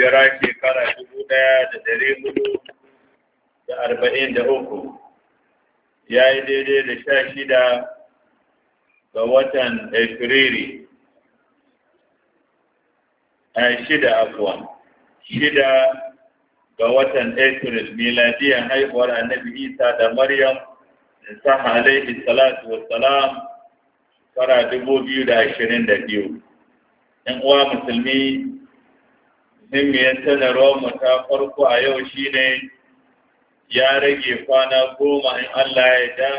hijira shekara dubu ɗaya da ɗari hudu da arba'in da uku ya yi daidai da sha shida ga watan Efiriri a shida afuwa shida ga watan April miladiyan haihuwar annabi Isa da Maryam da sa alaihi salatu wassalam fara dubu biyu da ashirin da biyu. ‘Yan uwa musulmi muhimmiyar mu ta farko a yau shi ne ya rage kwana goma in Allah ya da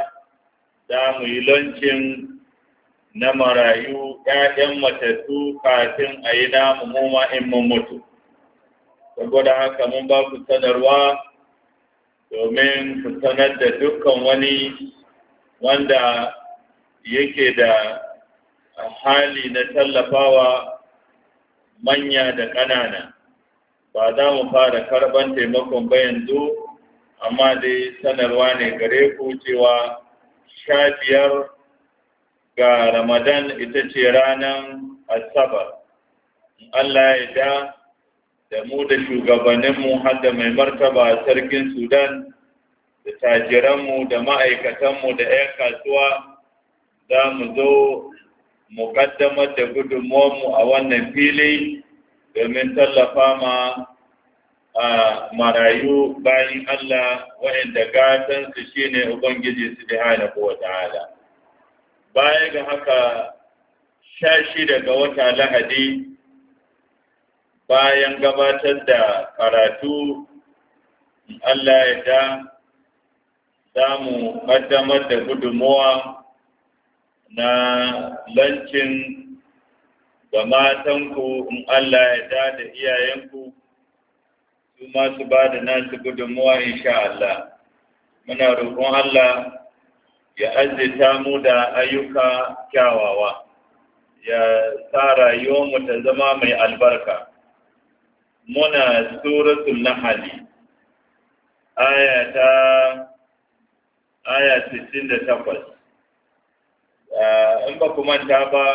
za mu yi lancin na marayu ‘ya'yan matattu kafin a yi namu muma in mun mutu. Saboda haka mun ba ku sanarwa domin ku sanar da dukkan wani wanda yake da hali na tallafawa manya da ƙanana. ba za mu fara karban taimakon ba yanzu amma dai sanarwa ne gare ku cewa sha biyar ga ramadan ita ce ranar asabar allah ya da da mu da shugabanninmu har da mai martaba sarkin sudan da tajiranmu da ma'aikatanmu da 'yan kasuwa za mu zo mu kaddamar da gudunmuwanmu a wannan fili domin tallafa ma a marayu bayan Allah waɗanda gatansu shi ne Ubangiji su da hana kowa hada. Baya ga haka sha shida ga wata lahadi bayan gabatar da karatu Allah ya da za ƙaddamar da gudunmuwa na lancin da matanku in Allah ya da da iyayenku su masu ba da nasu gudunmuwa insha Allah muna roƙon Allah ya azzita mu da ayyuka kyawawa ya sa rayuwarmu ta zama mai albarka muna suratul nahali aya ta aya 68 ah, in ba ku manta ba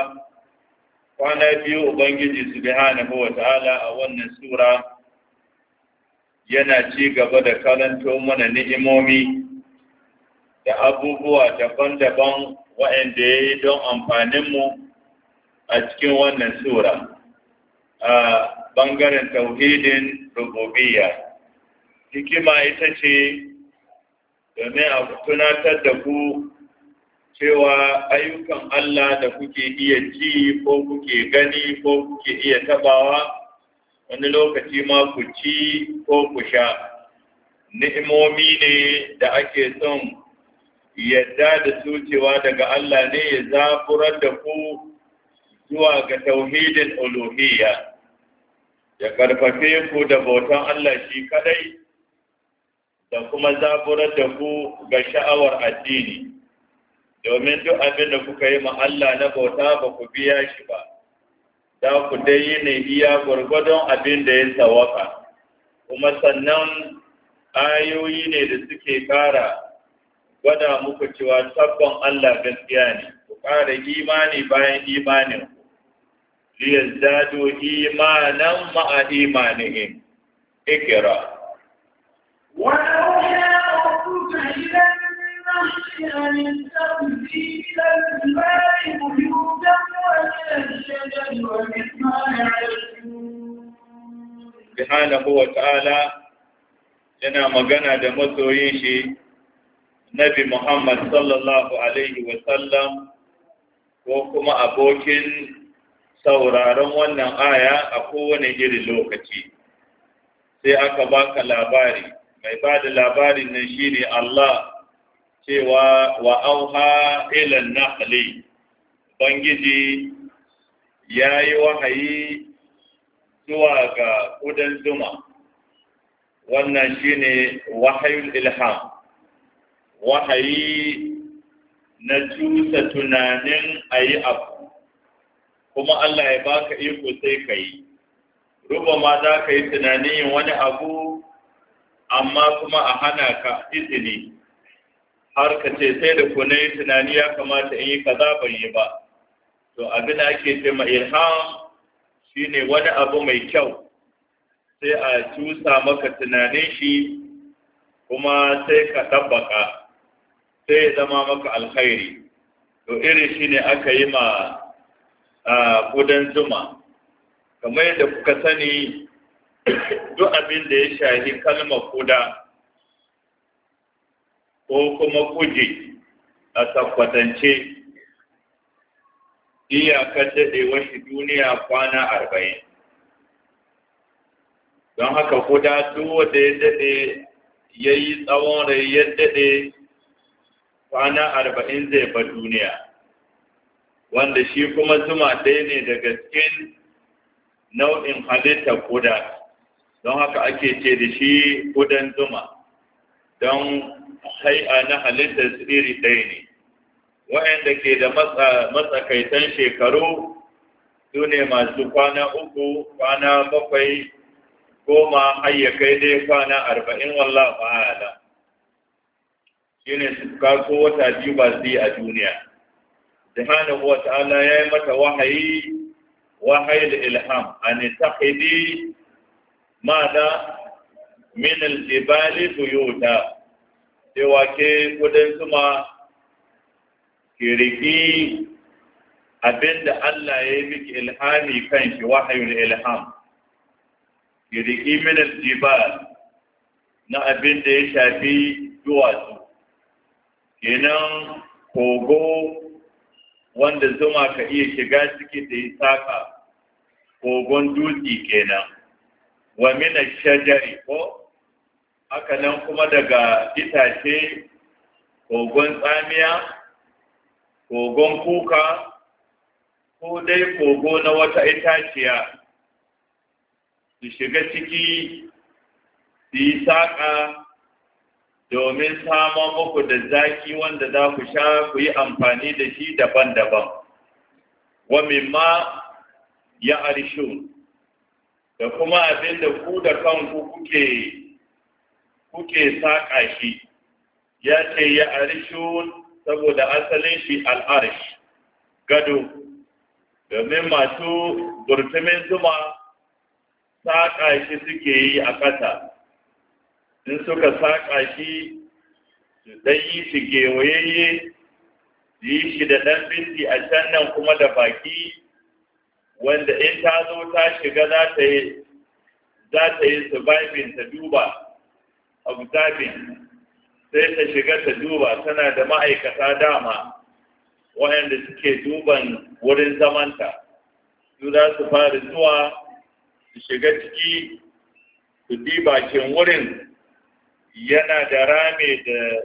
kwana biyu ubangiji su bi subhanahu wa ta'ala a wannan sura yana ci gaba da karanto mana ni'imomi da abubuwa daban-daban waɗanda ya yi don amfaninmu a cikin wannan sura a ɓangaren tauhidin rububiya hikima ita ce domin a tunatar da ku cewa ayyukan Allah da kuke iya ji ko kuke gani ko kuke iya tabawa wani lokaci ma ku ci ko ku sha ni'imomi ne da ake son yadda da su cewa daga Allah ne ya zaburar da ku zuwa ga tauhidin uluhiyya ya karfafe ku da bautan Allah shi kadai da kuma zaburar da ku ga sha'awar addini domin duk abin da kuka yi ma na bauta ba ku biya shi ba za ku dai yi ne iya gwargwadon abin da ya tsawaka, kuma sannan ayoyi ne da suke kara gwada muku cewa sabon Allah gaskiya ne ku kara imani bayan imanin ku liyazdadu imanan ma'a imanin ikira. wa ya subhanahu wa ta'ala yana magana da masoyin shi Nabi Muhammad sallallahu Alaihi wasallam ko kuma abokin sauraron wannan aya a kowane irin lokaci. Sai aka baka labari, mai ba da labarin nan shi ne Allah cewa wa auha ilan nahli bangiji ya yi wahayi zuwa ga ƙudan zuma wannan shine wahayul ilham wahayi na cusa tunanin a yi abu kuma Allah ya baka iko sai ka yi ruba ma za ka yi tunanin wani abu amma kuma a hana ka izini har ka ce sai da ku na tunani ya kamata in yi kaza ban yi ba to abin da ake ce ma ilham shine wani abu mai kyau sai a cusa maka tunani shi kuma sai ka tabbaka sai ya zama maka alkhairi to irin shine aka yi ma kudan zuma kamar yadda kuka sani duk abin da ya shahi kalmar kuda ko kuma kuji a tabbatance iyakar daɗe shi duniya kwana arba'in don haka kuda duk da ya daɗe ya yi tsawon rai ya daɗe kwana arba'in zai ba duniya wanda shi kuma zuma ɗaya ne daga cikin nau'in halittar kuda don haka ake ce da shi kudan zuma don hai'a na halittar iri ɗaya ne wa'anda ke da matsakaitan shekaru su ne masu kwana uku kwana bakwai goma hayyakai dai kwana arba'in wallah ba'ala shi ne su kaso wata biyu ba su yi a duniya subhanahu wa ta'ala ya yi mata wahayi wahayi da ilham a ne taƙidi ma da min al yi buyuta cewa ke kudin zuma ke riƙi abinda Allah ya yi miki ilhami kan shi wahayul ilham ki riƙi min na abinda ya shafi duwatsu kenan kogo wanda zuma ka iya shiga cikin da ya saka kogon dutse kenan wa mina shajari ko haka nan kuma daga itace kogon tsamiya kogon kuka ko dai kogo na wata itaciya su shiga ciki su yi saƙa domin samun muku da zaki wanda za ku sha ku yi amfani da shi daban-daban wa mimma ya arishu da kuma abin da ku da kanku kuke kuke saƙa shi ya ce ya arishun saboda asalin shi al'arish gado domin masu burtumin zuma saƙa shi suke yi a ƙasa in suka saƙa shi su yi shi gewayayye su yi shi da ɗan binti a can nan kuma da baki wanda in ta zo ta shiga za ta yi za ta yi surviving ta duba observing sai ta shiga ta duba tana da ma'aikata dama waɗanda suke duban wurin zamanta su za su fara zuwa su shiga ciki su bi bakin wurin yana da rame da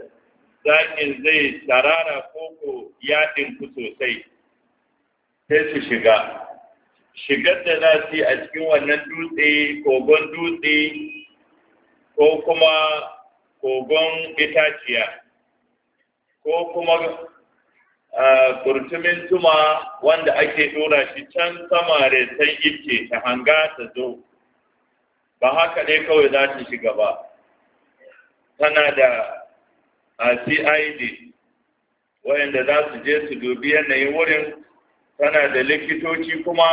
zaƙin zai tarara koko yaɗin ku sosai sai su shiga shigar da za su yi a cikin wannan dutse kogon dutse ko kuma kogon itaciya ko kuma kurtumin tuma wanda ake dora shi can sama resan ice ta hanga ta zo ba haka ne kawai za ta shiga ba tana da cid wayanda za su je su dubi yanayin wurin tana da likitoci kuma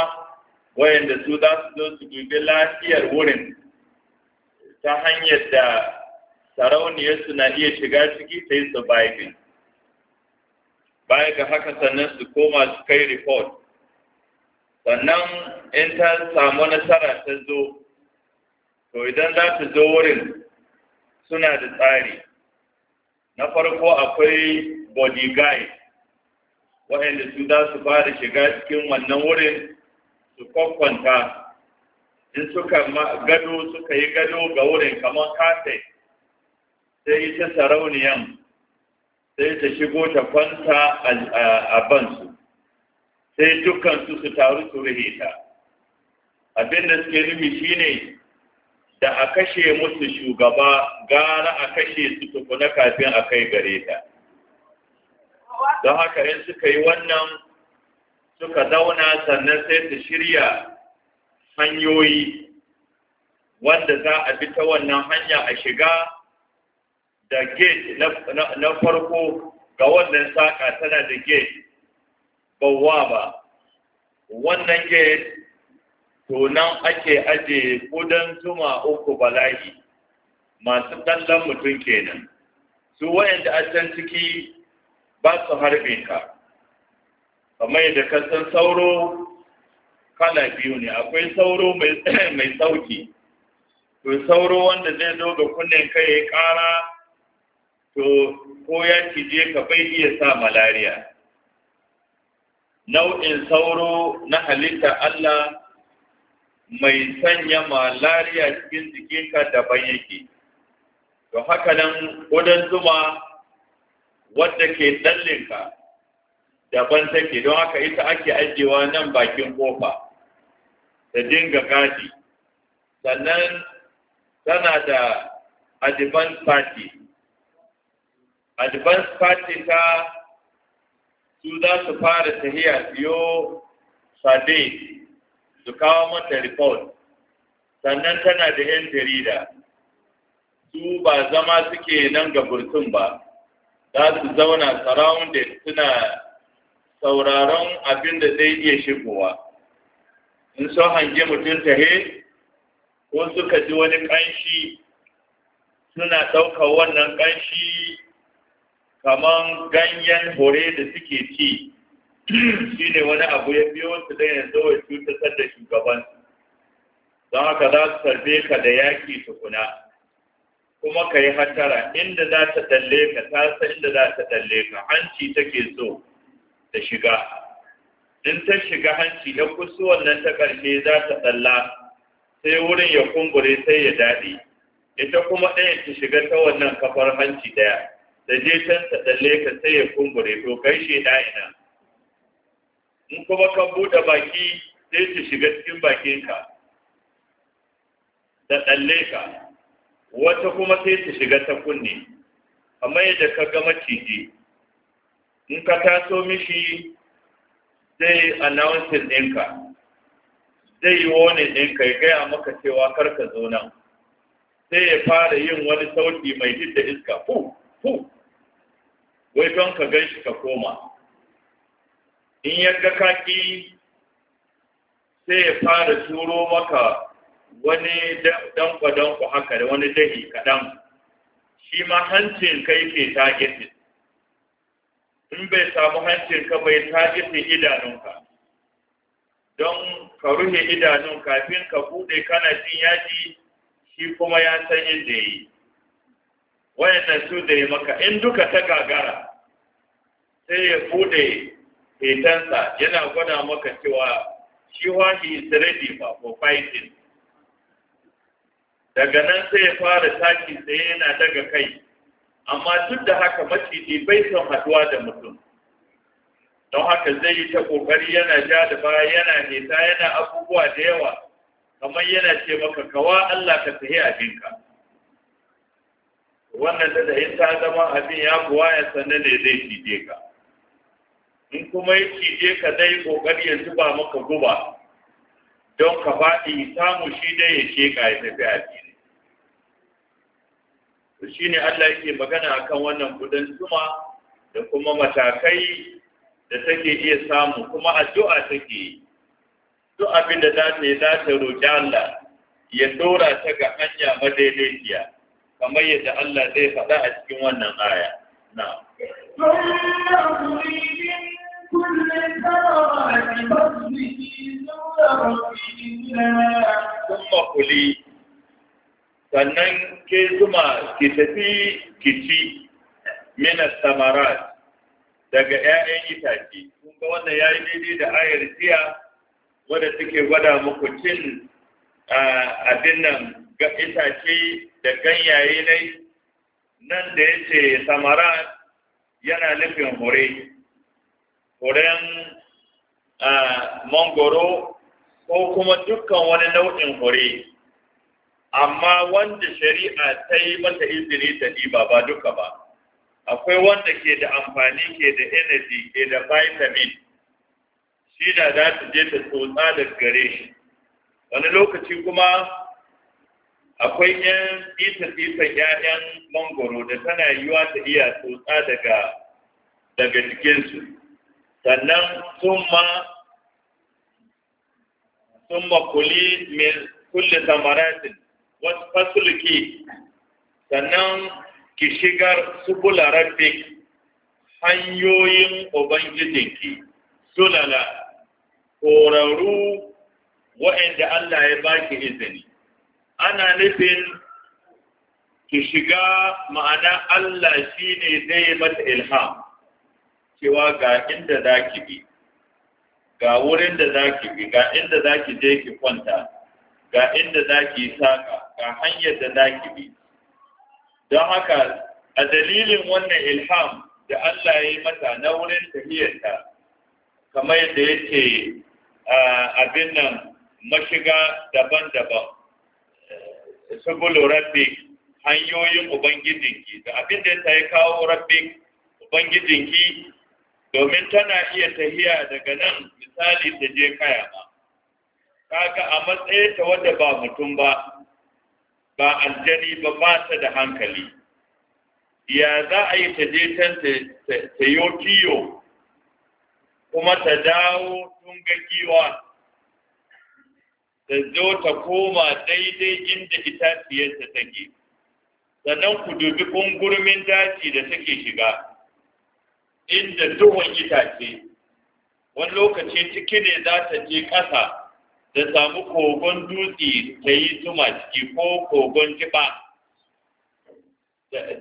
wayanda su za su zo su dubi lafiyar wurin ta hanyar da sarauniyarsu na iya shiga ciki ta yi surviving baya ga haka sannan su koma su kai report sannan in ta samu nasara ta zo to idan za ta zo wurin suna da tsari na farko akwai body guide wa'anda su za su fara shiga cikin wannan wurin su kwakwanta in suka gado suka yi gado ga wurin kamar kafin sai ita sarauniyan sai ta shigo ta kwanta a bansu sai dukansu su taru su rihe ta abin da suke nufi shine da a kashe musu shugaba gara a kashe su tukuna kafin a kai gare ta don haka in suka yi wannan suka zauna sannan sai ta shirya hanyoyi wanda za a bi ta wannan hanya a shiga da gate na farko ga wannan saƙa tana da gate ba, wannan gate to nan ake aje kudan zuma uku bala'i masu ɗanɗan mutum kenan su wayanda a can ciki ba su harbe ka kamar yadda kasan sauro kala biyu ne akwai sauro mai sauki to sauro wanda zai zo ga kunnen kai ya kara to ko ya cije ka bai iya sa malariya nau'in sauro na halitta Allah mai sanya malariya cikin jikinka daban yake to haka nan ƙudan zuma wadda ke ɗallinka daban take don haka ita ake ajewa nan bakin ƙofa ta dinga gashi sannan tana da advance party party ta su za su fara tahiya biyo sade su kawo mata report sannan tana da 'yan jarida su ba zama suke nan ga burtun ba za su zauna surrounded suna sauraron abin da zai iya shigowa in so hange mutum tahe ko suka ji wani ƙanshi suna ɗaukar wannan ƙanshi kaman ganyen hore da suke ci shi ne wani abu ya biyo su da yanzu ya cutar da shugaban don haka za su sarfe ka da yaƙi tukuna kuma ka yi hatara inda za ta ɗalle ka ta san inda za ta ɗalle ka hanci take so da shiga in ta shiga hanci na kusuwan nan ta ƙarshe za ta tsalla sai wurin ya kumbure sai ya daɗe ita kuma ɗaya ta shiga ta wannan kafar hanci ɗaya da je can ta tsalle ka sai ya kumbure to kai shi ina in kuma ka buɗe baki sai ta shiga cikin ka ta tsalle ka wata kuma sai ta shiga ta kunne amma yadda ka ga maciji in ka taso mishi zai announcing ɗinka zai yi wani ɗinka ya gaya maka cewa kar ka zo nan sai ya fara yin wani sauti mai hidda iska fu fu wai don ka gan shi ka koma in ya ga kaki sai ya fara turo maka wani danko-danko haka da wani dahi kaɗan shi ma hancin kai ke targeted in bai samu hancinka bai tajife idanunka don ka ruhe idanun kafin ka buɗe kana jin yaji shi kuma ya san inda yi wayannan su da maka in duka ta gagara sai ya buɗe hetansa yana gwada maka cewa shi wahi is ready ba for fighting daga nan sai ya fara taki sai yana daga kai amma duk da haka maciji bai son haduwa da mutum don haka zai yi ta kokari yana ja da baya yana nesa yana abubuwa da yawa kamar yana ce maka kawa Allah ka tahi abinka wannan da in ta zama abin ya kuwa ya sanna ne zai cije ka in kuma ya cije ka zai kokari ya zuba maka guba don ka faɗi samu shi dai ya sheka ya tafi abin to shine Allah yake magana akan wannan gudan zuma da kuma matakai da take iya samu kuma addu'a take yi duk abin da za ta yi za ta roƙi Allah ya dora ta ga hanya madaidaiciya kamar yadda Allah zai faɗa a cikin wannan aya na ثم قلي sannan ke zuma ki tafi ki ci minas samarat daga 'ya'yan itace kun ga wannan ya yi daidai da ayar jiya wadda suke gwada muku cin abin nan ga itace da ganyaye ne nan da ya ce samarat yana nufin hore, huren mangoro ko kuma dukkan wani nau'in hore. amma wanda shari'a ta yi mata izini da diba ba duka ba akwai wanda ke da amfani ke da energy ke da vitamin shi da za ta je ta tsotsa da gare shi wani lokaci kuma akwai yan ita-itan 'ya'yan mangoro da tana yiwa ta iya tsotsa daga daga jikinsu sannan sun ma kuli mai kulle samaratin wasu sannan ki shigar subula rabbik hanyoyin ubangijinki sulala korarru wa'anda Allah ya baki izini ana nufin ki shiga ma'ana Allah shi ne zai mata ilham cewa ga inda za ki bi ga wurin da za ki bi ga inda za ki je ki kwanta ga inda za ki saƙa ga hanyar da za ki bi don haka a dalilin wannan ilham da Allah ya yi mata na wurin tafiyarta kamar yadda yake abin nan mashiga daban-daban subulu rabbik hanyoyin ubangijinki da abin da ta yi kawo rabbik ubangijinki domin tana iya tahiya daga nan misali ta je kayama kaga a matsayin ta wanda ba mutum ba ba aljani ba ba ta da hankali ya za a yi ta je can ta yo kiyo kuma ta dawo tun ga kiwa ta zo ta koma daidai inda itaciyarta take sannan ku dubi ƙungurmin daji da take shiga inda duhun itace wani lokaci ciki ne za ta je ƙasa ta samu kogon dutse ta yi zuma ciki ko kogon jiba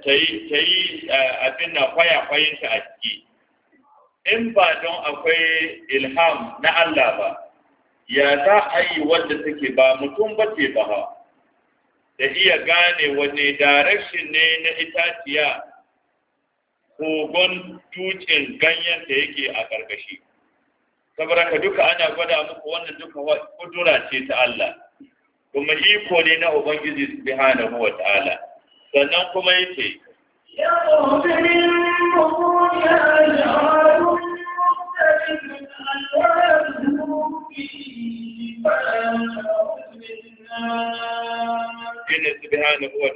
ta yi abin na kwaya-kwayinta a ciki in ba don akwai ilham na Allah ba ya za a yi wadda take ba mutum ba ce ba ha da iya gane wani direction ne na itaciya kogon dutsen ganyen da yake a ƙarƙashi. saboda ka duka ana gwada muku wannan duka kudura ce ta Allah kuma iko ne na ubangiji subhanahu wa ta'ala sannan kuma yace Gina subhanahu wa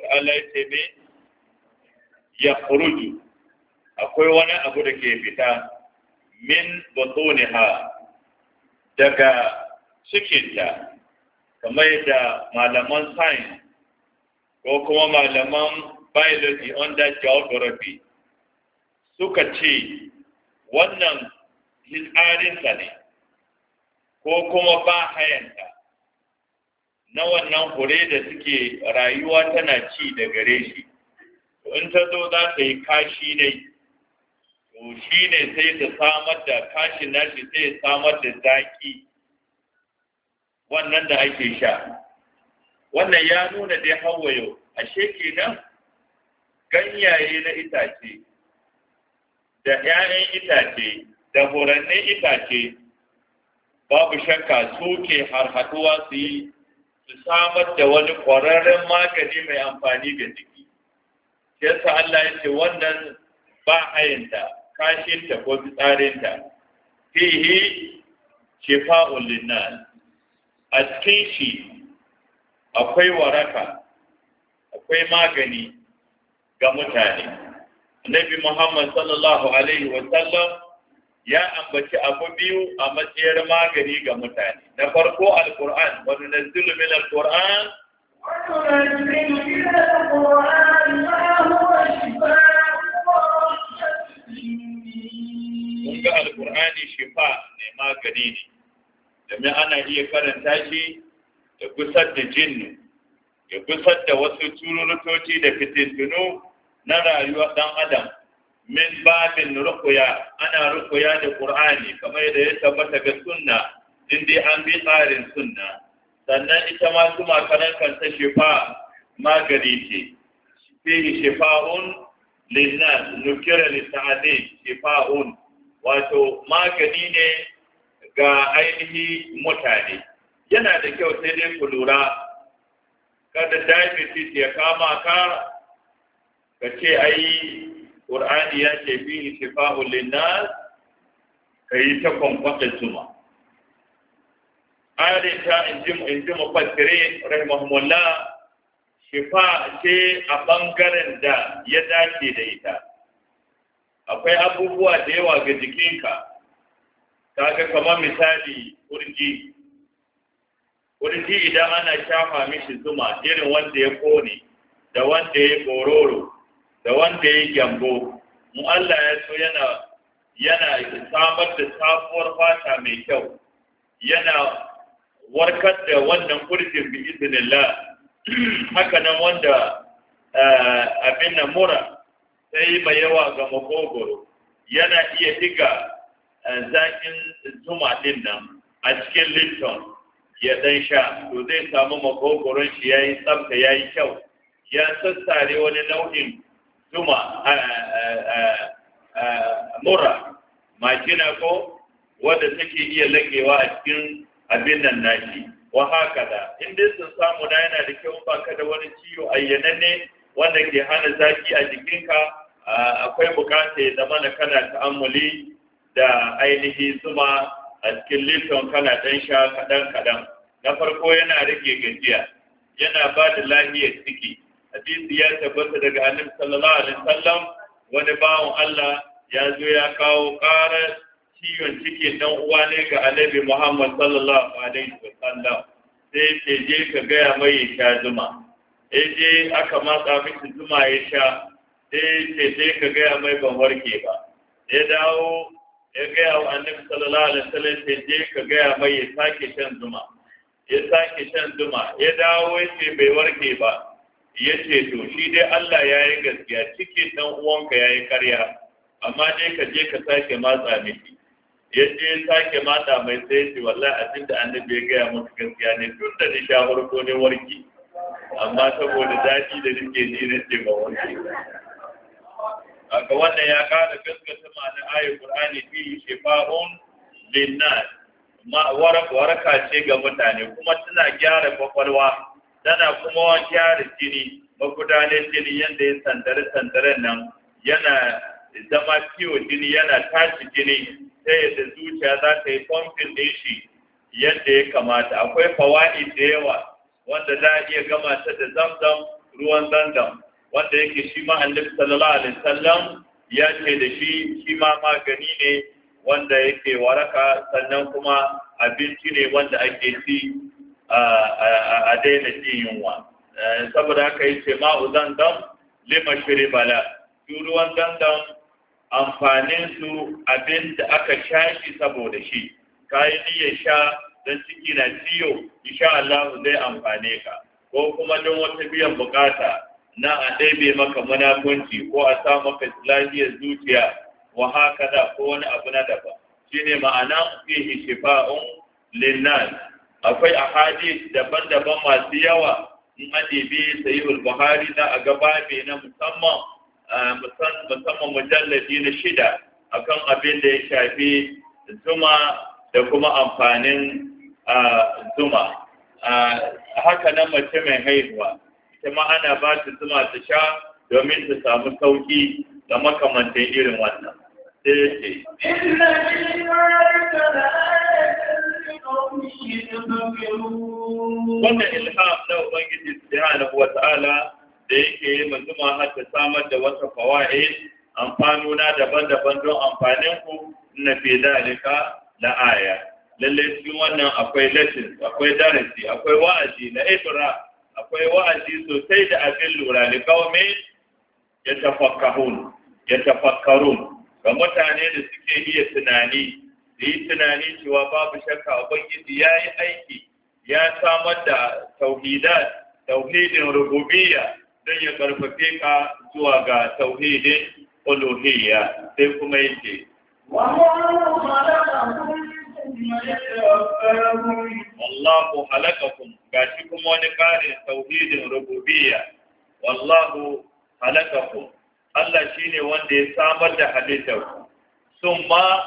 ta'ala ya ce ya akwai wani abu da ke fita min batoniha daga cikinta kamar yadda malaman science ko kuma malaman biology under geography suka ce wannan hitsarinta ne ko kuma ba hayanta na wannan hure da suke rayuwa tana ci da gare shi in ta zo za ta yi kashi dai. to shi ne sai ta samar da kashin nashi sai samar da zaki wannan da ake sha wannan ya nuna dai hawayo ashe kenan ganyaye na itace da 'ya'yan itace da furannin itace babu shakka su ke harhaduwa su yi su samar da wani ƙwararren magani mai amfani ga jiki yasa Allah ya ce wannan ba hayinta kashinta ko fitsarinta fihi shifa'un linnas a cikin shi akwai waraka akwai magani ga mutane Nabi Muhammad sallallahu alaihi wa sallam ya ambaci abu biyu a matsayar magani ga mutane na farko alquran wani na min alquran wa nunazzilu min alquran ga alkur'ani shifa ne magani ne domin ana iya karanta shi da kusa da jinnu ya kusa da wasu tsururutoci da fitintunu na rayuwa ɗan adam min babin rukuya ana rukuya da ƙur'ani kamar da ya tabbata ga sunna in dai an bi tsarin sunna sannan ita ma kuma kanan kanta shifa magani ce fihi shifa'un linnas nukira lita'adi shifa'un wato magani ne ga ainihi mutane yana da kyau sai dai ku lura kada daifisi ya kama ka ka ce ai ƙur'ani ya ce fi shifa'u linnas ka yi ta kwankwata juma ayatin ta in ji mufassiri rahimahumullah shifa ce a ɓangaren da ya dace da ita akwai abubuwa da yawa ga jikinka kaga kamar misali kurji kurji idan ana shafa mishi zuma irin wanda ya kone da wanda ya bororo da wanda ya gyambo mu Allah ya so yana yana samar da sabuwar fata mai kyau yana warkar da wannan kurjin bi iznillah haka nan wanda eh, abin nan mura sai mai yawa ga makogoro yana iya diga eh, zaƙin zuma ɗin nan a cikin linton ya ɗan sha to zai samu makogoron shi ya yi tsafta ya yi kyau ya sassare wani nau'in zuma eh, eh, mura majina ko wadda take iya lagewa a cikin abin nan nashi wa haka da in dai sun samu na yana da kyau ba ka da wani ciwo ne wanda ke hana zaki a jikinka akwai bukata ya zama na kana ta'ammuli da ainihi zuma a cikin lifton kana ɗan sha kaɗan-kaɗan na farko yana rage gajiya yana ba da lahiyar ciki hadisi ya tabbata daga annabi sallallahu alaihi wasallam wani bawon Allah ya zo ya kawo ƙarar ciwon ciki dan uwa ne ga annabi Muhammad sallallahu alaihi wasallam sai ce je ka gaya mai ya sha zuma eje aka matsa miki zuma ya sha sai ce sai ka gaya mai ban warke ba ya dawo ya gaya wa annabi sallallahu alaihi wasallam sai je ka gaya mai ya sake shan zuma ya sake shan zuma ya dawo ya ce bai warke ba ya ce to shi dai Allah ya yi gaskiya cikin dan uwanka ya yi karya amma dai ka je ka sake matsa miki ya je sake mata mai sai ce wallahi abin da annabi ya gaya musu gaskiya ne tun da ni sha farko ne warki amma saboda daji da nake ji na ce ba warke. ga wannan ya kada gaskata ma'ana ayar Qur'ani fi shifa'un linnas ma waraka ce ga mutane kuma tana gyara kwakwalwa tana kuma gyara jini magudanar jini yadda ya sandare sandaren nan yana zama ciwo jini yana tashi jini Sai yadda zuciya za ta yi pompin ɗin shi yadda ya kamata akwai fawa'i da yawa wanda za a iya gama ta da zamzam ruwan zamzam wanda yake shi ma annabi sallallahu alaihi wasallam ya ce da shi shi ma magani ne wanda yake waraka sannan kuma abinci ne wanda ake ci a daina jin yunwa eh, saboda haka yi ce ma'u dandam lima shiri bala ruwan dandam amfanin su abin da aka sha saboda shi kayi niyyar sha don ciki na ciyo insha Allah zai amfane ka ko kuma don wata biyan bukata na a ɗaibe maka munafunci ko a sa maka zuciya wa haka da ko wani abu na daban shine ma'ana fihi shifa'un linnas akwai ahadith daban-daban masu yawa in an ɗebi sahihul buhari na a gaba mai na musamman musamman mujallabi na shida akan abin da ya shafi zuma da kuma amfanin zuma haka nan mace mai haihuwa kuma ana ba ta zuma ta sha domin ta samu sauki da makamantan irin wannan Wanda ya wannan ilham na ubangiji subhanahu kuwa ta'ala da yake yi manzuma har ta samar da wata fawa'i amfanuna daban-daban don amfanin ku na fi dalika na aya lallai cikin wannan akwai lesson akwai darasi akwai wa'azi na ibra akwai wa'azi sosai da abin lura da gaume ya tafakkahun ya tafakkarun ga mutane da suke iya tunani da yi tunani cewa babu shakka ubangiji ya yi aiki ya samar da tauhidat tauhidin ya don ya karfafe ka zuwa ga tauhidin olohiyya sai kuma yake wa wallahu halakakum gashi kuma wani kare tauhidin rububiyya wallahu halakakum Allah shine wanda ya samar da halittar summa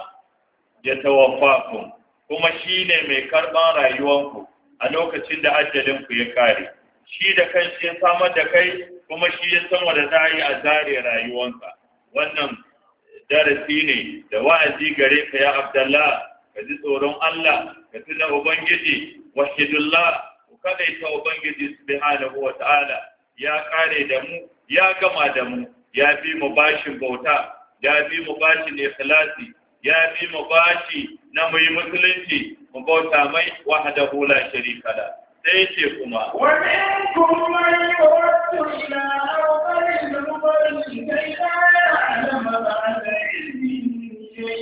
ya tawaffakum kuma ne mai karban rayuwanku a lokacin da ajalin ku ya kare shi da kanshi ya samar da kai kuma shi ya san wanda za yi a zare rayuwanka wannan darasi ne da wa'azi gare ka ya Abdullah ka ji tsoron Allah ka tuna ubangiji wahidullah ku kadaita ubangiji subhanahu wa ta'ala ya kare da mu ya gama da mu ya fi mu bashin bauta ya fi mu bashin ikhlasi ya fi mu bashi na mu yi musulunci mu bauta mai wahada hula sharika da sai ce kuma wa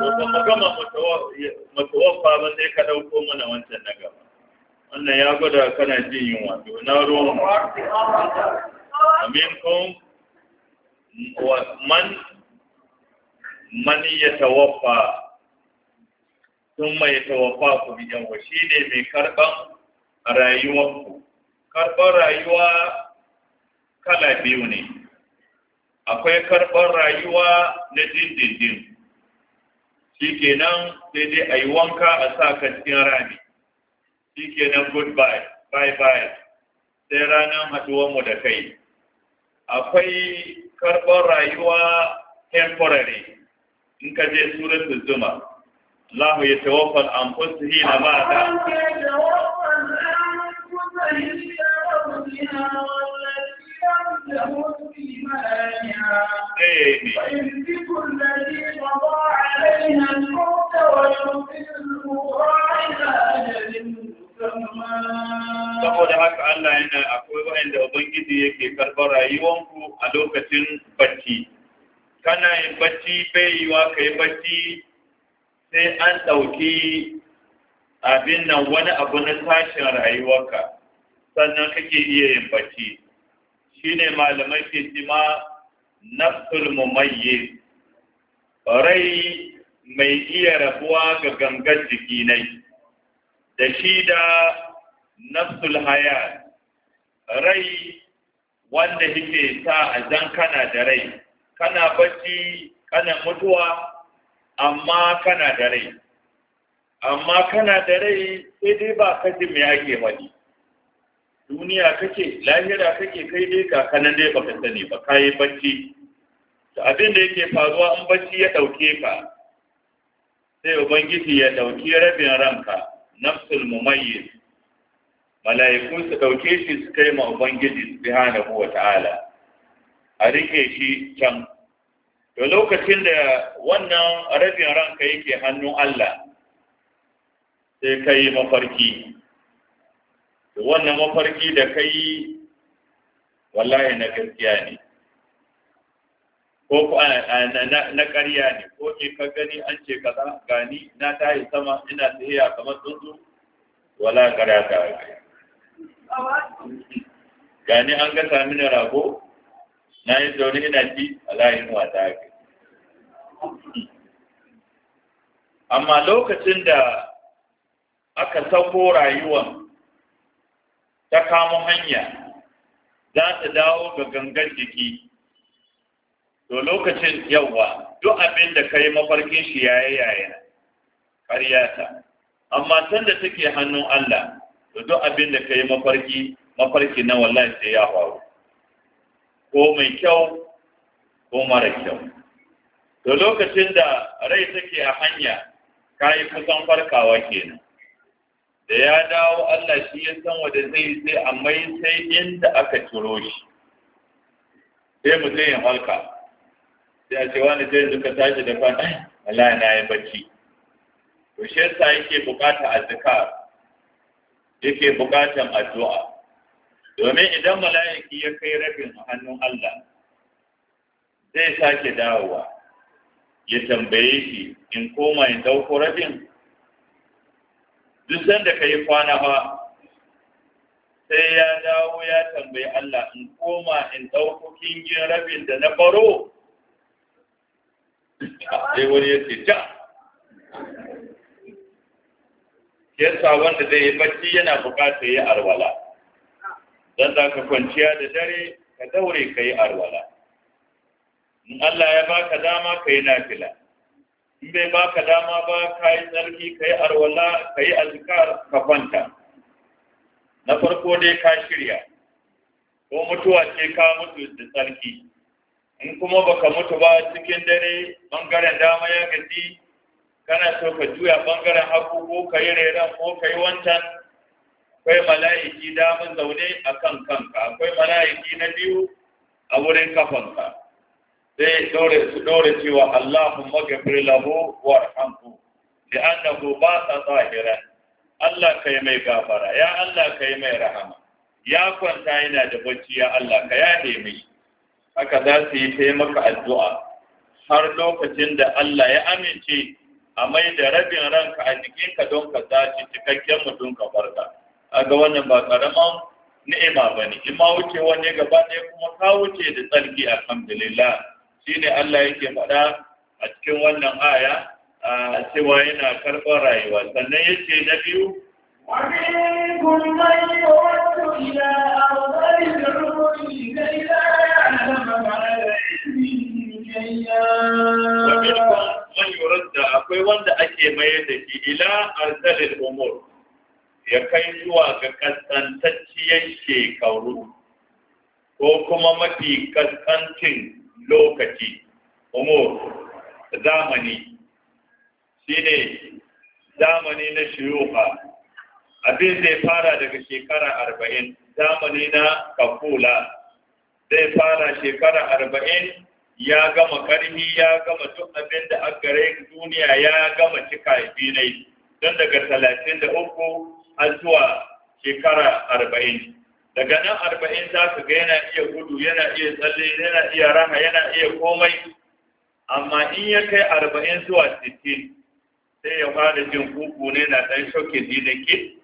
ko mu gama mutawaffa ba sai ka dauko mana wancan na gaba wannan ya gwada kana jin yunwa to na ruwan aminkum man man yatawaffa sun mai tawaffa ku bi yawa shi ne mai karɓan rayuwarku karɓar rayuwa kala biyu ne akwai karɓar rayuwa na dindindin shikenan sai dai a yi wanka a sa ka rami shikenan goodbye bye bye sai ranar mu da kai akwai karɓar rayuwa temporary in ka je suratul zuma Allah ya tawaffal an fusihi na ta. لموت مانعا ويمسك Saboda haka Allah yana akwai waɗanda Ubangiji yake karɓar rayuwanku a lokacin bacci. Kana yin bacci bai yiwa ka yi bacci sai an ɗauki abin nan wani abu na tashin rayuwarka sannan kake iya yin bacci. shine malamai ke cima nafsul mumayyiz rai mai iya rabuwa ga gangan jiki nai da shi da nafsul haya rai wanda yake sa a zan kana da rai kana bacci kana mutuwa amma kana da rai amma kana da rai sai dai ba kaji me ake wani duniya kake lahira kake kai dai ka nan dai baka sani ba kayi bacci to abin da yake faruwa in bacci ya dauke ka sai ubangiji ya dauki rabin ranka nafsul mumayyiz mala'iku su dauke shi su kai ma ubangiji subhanahu wata'ala a rike shi can to lokacin da wannan rabin ranka yake hannun Allah sai kai mafarki wannan mafarki da kai wallahi na gaskiya ne ko na ƙarya ne ko ce ka gani an ce ka gani na tayi sama ina tafiya kamar tsuntsu wala gara ta gani an ga sami na rago na yi zaune ina ji a layin wata amma lokacin da aka sauko rayuwan ta kamo hanya za ta dawo ga gangan jiki to lokacin yauwa duk abin da ka yi mafarkin shi yaye yaye na, karyata. amma tun da take hannun Allah to duk abin da ka yi mafarki mafarki na wallahi sai ya faru ko mai kyau ko mara kyau to lokacin da rai take a hanya ka yi kusan farkawa kenan da ya dawo Allah shi ya san wanda zai sai amma sai inda aka ciro shi sai mu sai yin halka sai a cewa ne zai zuka tashi da fana Allah na yi bacci to shi yasa yake bukata azzikar yake bukatan addu'a domin idan mala'iki ya kai rabin hannun Allah zai sake dawowa ya tambaye shi in koma in dauko rabin duk sanda ka yi kwana ba sai ya dawo ya tambayi Allah in koma in ɗauko kingin rabin da na baro sai wani ya ce ja yasa wanda zai yi bacci yana bukata ya yi arwala don za ka kwanciya da dare ka daure ka yi arwala in Allah ya baka dama ka yi nafila in bai baka dama ba ka yi tsarki ka yi arwala ka yi azkar ka kwanta na farko dai ka shirya ko mutuwa ce ka mutu da tsarki in kuma baka mutu ba cikin dare bangaren dama ya gaji kana so ka juya bangaren hagu ko ka yi reran ko ka yi wancan akwai mala'iki damun zaune a kan kanka akwai mala'iki na biyu a wurin kafanka sai dore su dore cewa Allahumma gafir lahu warhamhu Annabu ba sa tsahiran Allah kai mai gafara ya Allah kai mai rahama ya kwanta yana da bacci ya Allah ka yaɗe mai haka za su yi ta maka addu'a har lokacin da Allah ya amince a mai da rabin ranka a jikinka don ka sace cikakken mutum ka farka ga wannan ba karaman ni'ima ba ne wuce wani gaba ɗaya kuma ka wuce da tsarki alhamdulillah shine Allah yake faɗa a cikin wannan aya a cewa yana karɓar rayuwa sannan yake na biyu da من wanda ake أرض da كي لا يعلم ya kai zuwa ga kaskantacciyar shekaru ko kuma mafi kaskancin lokaci umur zamani shine zamani na shuyuka abin zai fara daga shekara arba'in zamani na kafula zai fara shekara arba'in ya gama karfi ya gama duk abin da aka duniya ya gama cika binai don daga talatin da uku har zuwa shekara arba'in daga nan arba'in za ka ga yana iya gudu yana iya tsalle yana iya raha yana iya komai amma in ya kai arba'in zuwa sittin sai ya fara jin kuku ne na ɗan shokin dinaki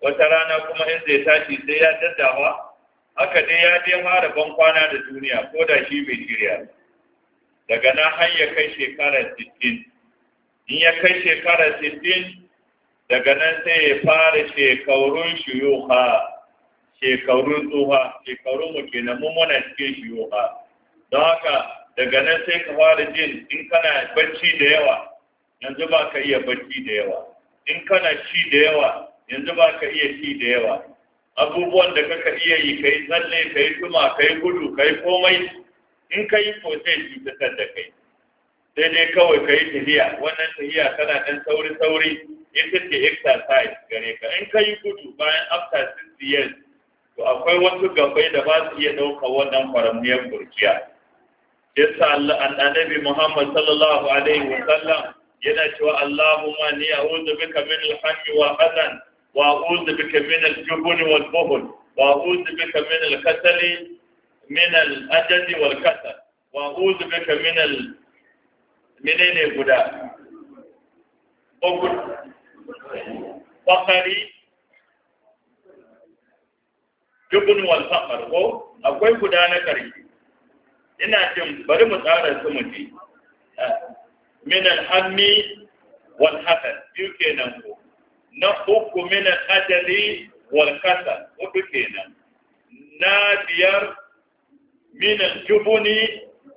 wata rana kuma in zai tashi sai ya daddawa haka dai ya je fara ban kwana da duniya ko da shi bai shirya daga nan har ya kai shekara sittin in ya kai shekara sittin daga nan sai ya fara shekarun shuyuka kauru tsoha kauru mu kenan mu muna cikin yoha don haka daga nan sai ka fara jin in kana bacci da yawa yanzu ba ka iya bacci da yawa in kana ci da yawa yanzu ba ka iya ci da yawa abubuwan da kaka iya yi ka yi tsalle ka yi tuma ka yi gudu ka yi komai in ka yi ko sai cutar da kai sai dai kawai ka yi tafiya wannan tafiya tana ɗan sauri-sauri ita ce exercise gare ka in ka yi gudu bayan after 60 years to akwai wasu gabai da ba su iya ɗauka wannan faramniyar burkiya yasa annabi Muhammad sallallahu alaihi wa sallam yana cewa Allahumma ni a'udhu bika min al-hammi wa hazan wa a'udhu bika min al wa al buhl wa a'udhu bika min al-kasali min al wa al kasal wa a'udhu bika min al menene guda uku fakari jubun wal ko akwai guda na ƙarfi, ina jin bari mu tsara su mu ji eh, min al hammi wal hasan biyu kenan ko na uku min al wal kasal huɗu kenan na biyar min jubuni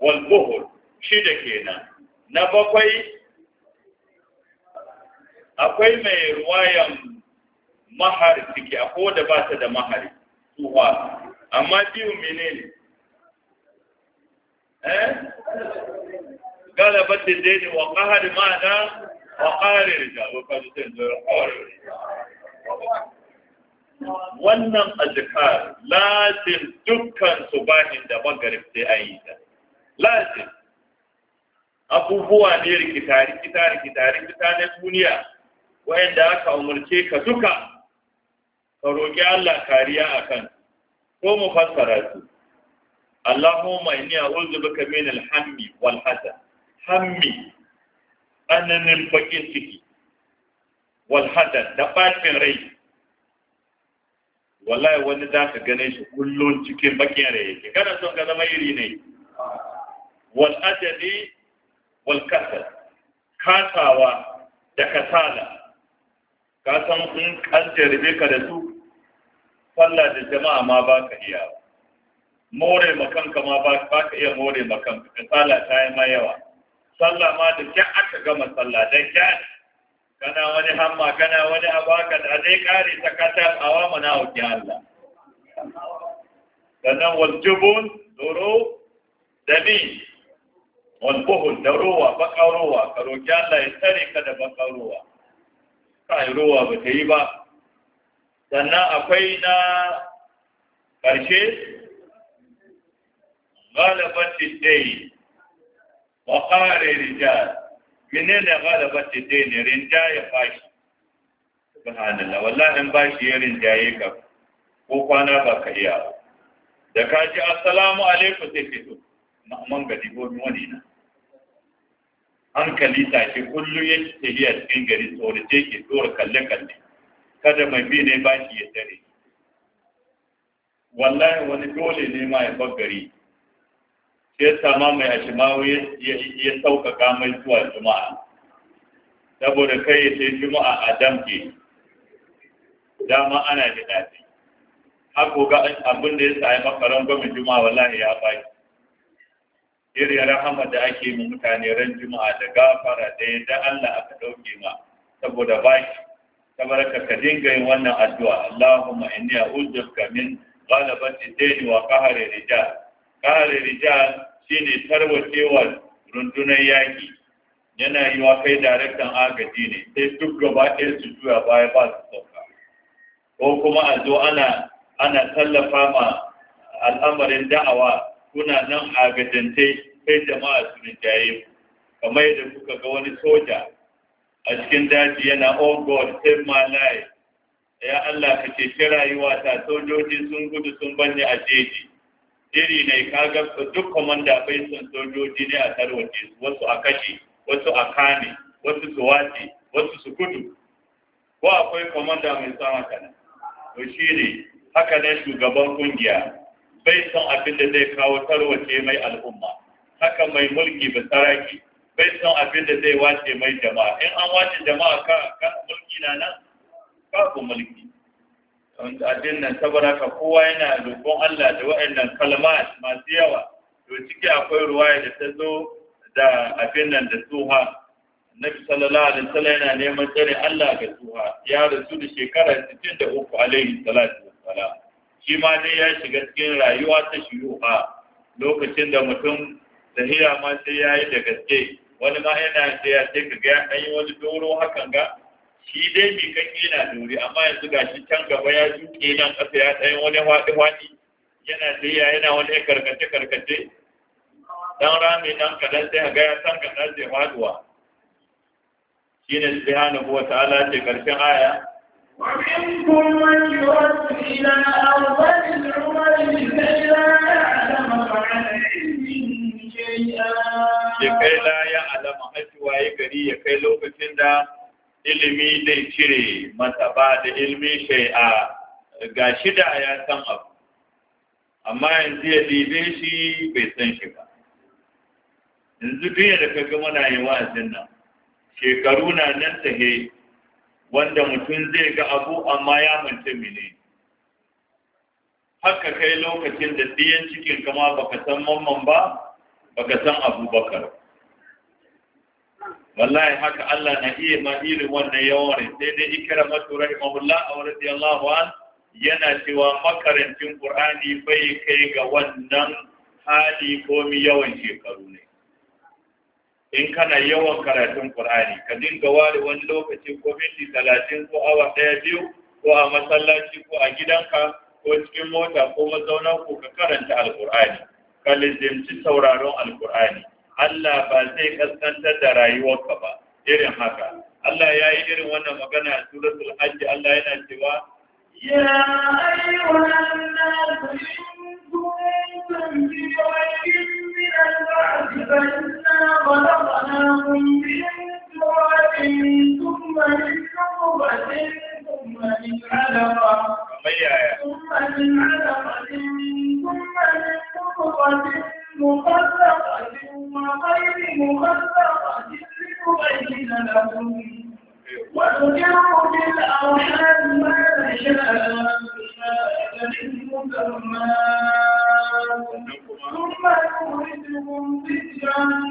wal buhur shida kenan na bakwai akwai mai ruwayan mahar ciki a ko da ba ta da mahari tsufa amma biyun menene eh galabar da zai ne wa ma da wa ƙarin jabo kaji zai zuwa qarir wannan azkar lazim dukkan su bahin da magarib sai ayi ta lazim abubuwa ne rikita rikita rikita rikita na duniya wayanda aka umarce ka duka ka roƙi Allah kariya a kan ko mu fassara su Allahumma inni a'udhu bika min al-hammi wal hasan hammi ananin bakin ciki wal hasan da bacin rai wallahi wani za ka gane shi kullum cikin bakin rai yake kana son ka zama iri ne wal ajali wal kasal kasawa da kasala ka san in an jarabe ka da su sallah da jama'a ma ba ka iya more makanka ma ba ka iya more makanka ka sala ta yi ma yawa sallah ma da kyan aka gama sallah da kyan kana wani hamma kana wani abaka da zai kare ta katar awa mana hauki Allah sannan waljubun doro da ni walbuhun da rowa bakarowa ka roki Allah ya tsare ka da bakarowa ka yi rowa ba ta yi ba sannan akwai na ƙarshe galabar tiddai wa ƙare rijal menene galibar tiddai ne ya fashi subhanallah wallahi in bashi ya yi ka ko kwana ba ka iya da ka ji assalamu alaikum sai fito ma'aman gadi gobe wani na hankali tashi kullu ya ce tafiya cikin gari ce ke tsoro kalle-kalle kada mai bi ne ba shi ya tare wallahi wani dole ne ma ya bagari sai sama mai ashimawo ya sauƙaƙa mai zuwa juma'a saboda kai ya ce juma'a a damke dama ana da hako ga abin da ya sami makaron mai juma'a wallahi ya baki irin rahama da ake mu mutane ran juma'a da gafara da yadda Allah aka ɗauke ma saboda baki tabaraka ka dinga yin wannan addu'a Allahumma inni a'udhuka min ghalabati dayni wa qahri rijal qahri rijal shine tarwacewa rundunar yaki yana yi wa kai daraktan agaji ne sai duk gaba ɗaya su juya baya ba su sauka ko kuma a zo ana ana tallafa ma al'amarin da'awa kuna nan agajante sai jama'a su rinjaye kamar yadda kuka ga wani soja a cikin daji yana oh god save my life ya Allah ka ceci rayuwa ta sojoji sun gudu sun banne a jeji iri ne ga duk komanda bai son sojoji ne a tarwaje wasu a kashe wasu a kane wasu su wace wasu su gudu ko akwai komanda mai son haka nan to shi ne haka ne shugaban kungiya bai son abin da zai kawo tarwace mai al'umma haka mai mulki ba saraki bai san abin da zai wace mai jama'a in an wace jama'a ka ka mulki na nan ka ku mulki din nan saboda ka kowa yana roƙon Allah da waɗannan kalmat masu yawa to ciki akwai ruwaya da ta zo da abin nan da suha Nabi sallallahu alaihi wasallam yana neman tsare Allah ga suha ya rasu da shekara 63 alaihi salatu wassalam shi ma dai ya shiga cikin rayuwa ta shuyuha lokacin da mutum tahiya ma sai yayi da gaske wani ma yana da ya sai ka ga an yi wani doro hakan ga shi dai bi kan yana dori amma yanzu ga shi can gaba ya duke nan ƙasa ya tsayin wani waɗi-waɗi yana tsaya yana wani ya karkace-karkace dan rami nan kadan sai ga ya san kadan sai faduwa shine subhanahu wa ta'ala ce karshen aya ومنكم من يرد إلى أرض العمر لكي لا يعلم عن علم شيئا ke kai la ya alama haifuwa ya gari ya kai lokacin da ilimi zai cire masa ba da ilimi shai'a ga shida ya san abu amma yanzu ya ɗibe shi bai san shi ba yanzu duk da kaga muna yi wa'azin nan shekaru na nan tahe wanda mutum zai ga abu amma ya manta mene haka kai lokacin da ɗiyan cikin kama baka san mamman ba baka san abubakar wallahi haka Allah na iya ma irin wannan yawan sai dai ikramatu rahimahullah aw radiyallahu an yana cewa makarantin ƙur'ani bai kai ga wannan hali ko yawan shekaru ne in kana yawan karatun ƙur'ani ka dinga ware wani lokaci ko minti talatin ko awa daya biyu ko a masallaci ko a gidanka ko cikin mota ko mazaunan ku ka karanta alkur'ani ka lizimci sauraron alkur'ani Allah ba zai kaskantar da rayuwarka ba irin haka Allah ya yi irin wannan magana a suratul hajji Allah yana cewa ya ayyuhan nasu in kuntum fi rayyin min al-ba'di fa inna khalaqnakum min turabin thumma min nutfatin ثم من علقة ثم من علقة ثم من مضغة مخلقة وغير مخلقة لنبين لكم ونجر بالأرحام ما نشاء إلى أجل ثم نوردهم ضجرا ثم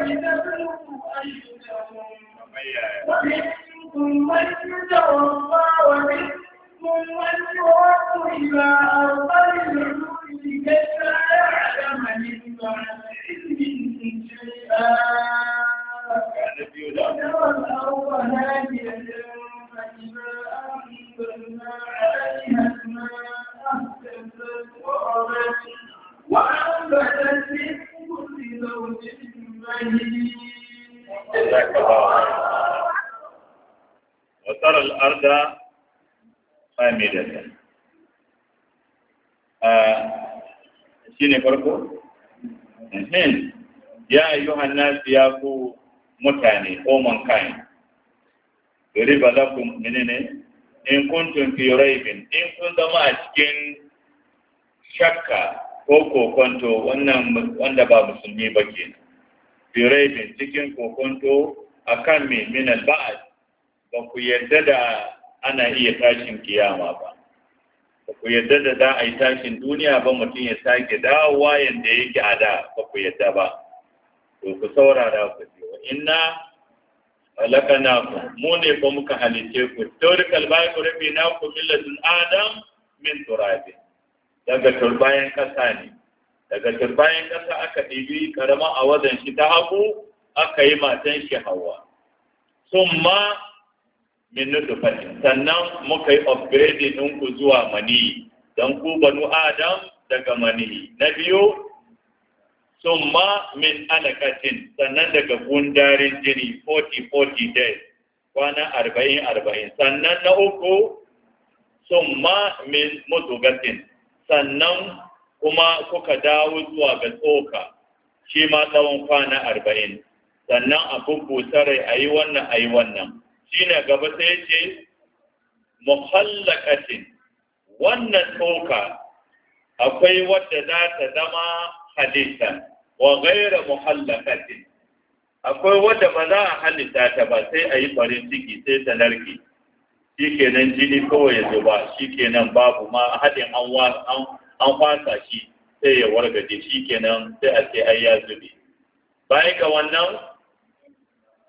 لتبلغوا kuntum fi raibin in kun zama a cikin shakka ko kokonto wannan wanda ba musulmi ba ke fi raibin cikin kokonto akan kan min ba'ad ba ku yarda da ana iya tashin kiyama ba ba ku yarda da za a yi tashin duniya ba mutum ya sake dawowa yadda yake a da ba ku yarda ba to ku saurara ku ce wa inna khalaqnakum mu ne fa muka halice ku tawrikal bayu rabbinakum min ladun adam min turabi daga turbayan ƙasa ne daga turbayan kasa aka ɗibi karama a wajen shi ta hagu aka yi matan shi hawa summa min nutfatin sannan muka yi upgrading ɗinku zuwa mani dan ku banu adam daga mani na biyu summa min alakatin sannan daga gundarin jini 40-40 days kwana 40-40 sannan na uku summa min mutugatin sannan kuma kuka dawo zuwa ga tsoka shi ma tsawon kwana 40 sannan a bubbusa a yi wannan a yi wannan shi ne gaba sai ce muhallakatin wannan tsoka akwai wadda za ta zama halitta wa gaira muhallakatin akwai wadda ba za a halitta ta ba sai a yi farin ciki sai ta narke shi kenan jini kawai ya zuba shi kenan babu ma haɗin an kwasa shi sai ya wargaje shi kenan sai a ce ai ya zube bayan ga wannan